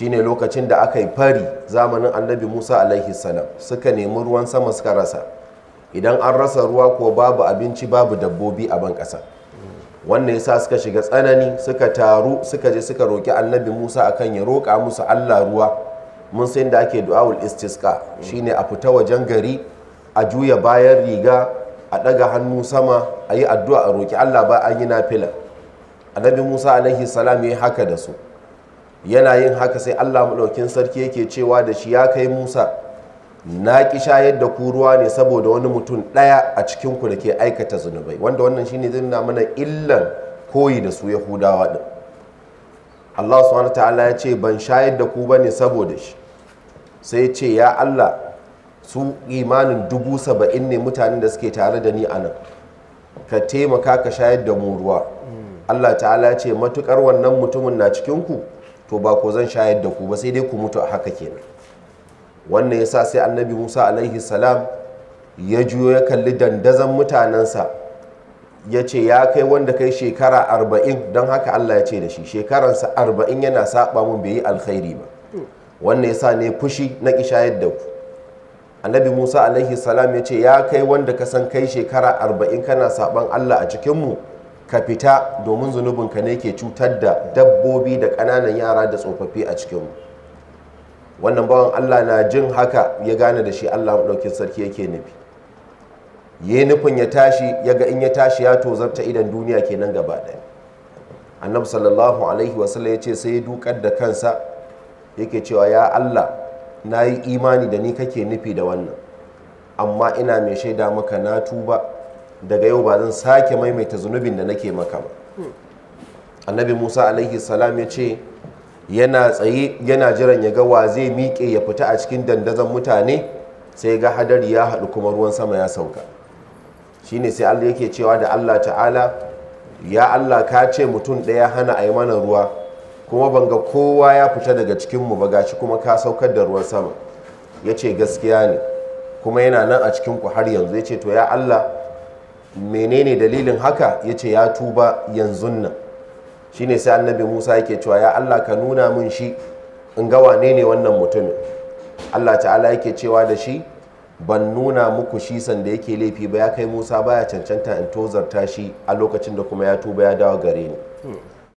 shine lokacin da aka yi fari zamanin annabi musa alaihi salam suka nemi ruwan sama suka rasa idan an rasa ruwa ko babu abinci babu dabbobi a ban ƙasa wannan yasa suka shiga tsanani suka taru suka je suka roƙi annabi musa akan ya roƙa musu allah ruwa mun san da ake du'awul Shi shine a fita wajen gari a juya bayan riga a ɗaga hannu sama a yi addu'a a roƙi allah ba an yi na fila. annabi musa alaihi salam ya yi haka da su yana yin haka sai Allah maɗaukin sarki yake cewa da shi ya kai Musa na ki shayar da ku ruwa ne saboda wani mutum ɗaya a cikin da ke aikata zunubai wanda wannan shine zai nuna mana illan koyi da su Yahudawa ɗin Allah wani ta'ala ya ce ban shayar da ku bane saboda shi sai ce ya Allah su imanin dubu saba'in ne mutanen da suke tare da ni a nan ka taimaka ka shayar da mu ruwa hmm. Allah ta'ala ya ce matukar wannan mutumin na cikin ku to ba ko zan shayar da ku ba sai dai ku mutu a haka kenan wannan ya sa sai annabi musa alaihi salam ya juyo ya kalli dandazan mutanensa ya ce ya kai wanda kai shekara arba'in don haka allah ya ce da shi shekaransa arba'in yana saba mun bai yi alkhairi ba wannan ya sa ne fushi na ki shayar da ku annabi musa alaihi salam ya ce ya kai wanda ka san kai shekara arba'in kana saban allah a cikinmu ka fita domin zunubin ka ne ke cutar da dabbobi da ƙananan yara da tsofaffi a cikinmu wannan bawan allah na jin haka ya gane da shi allah ɗaukin sarki yake nufi ya nufin ya tashi ya ga in ya tashi ya tozarta idan duniya kenan gaba ɗaya annabi sallallahu alaihi wasallam ya ce sai ya dukar da kansa yake cewa ya allah na yi imani da ni kake nufi da wannan amma ina mai shaida maka na tuba daga yau ba zan sake maimaita zunubin da nake maka ba annabi musa alaihi salam ya ce yana tsaye yana jiran ya ga wa zai miƙe ya fita a cikin dandazon mutane sai ga hadari ya haɗu kuma ruwan sama ya sauka Shi ne sai allah yake cewa da allah ta'ala ya allah ka ce mutum ɗaya hana a yi mana ruwa kuma ban ga kowa ya fita daga cikinmu ba gashi kuma ka saukar da ruwan sama ya ce gaskiya ne kuma yana nan a cikinku har yanzu ya ce to ya allah menene dalilin haka ya ce ya tuba yanzu nan shi ne sai annabi musa yake cewa ya allah ka nuna mun shi in ga wane ne wannan mutumin allah ta'ala yake cewa da shi ban nuna muku shi sanda yake laifi ba ya kai musa baya cancanta in tozarta shi a lokacin da kuma ya tuba ya dawo gare ni hmm.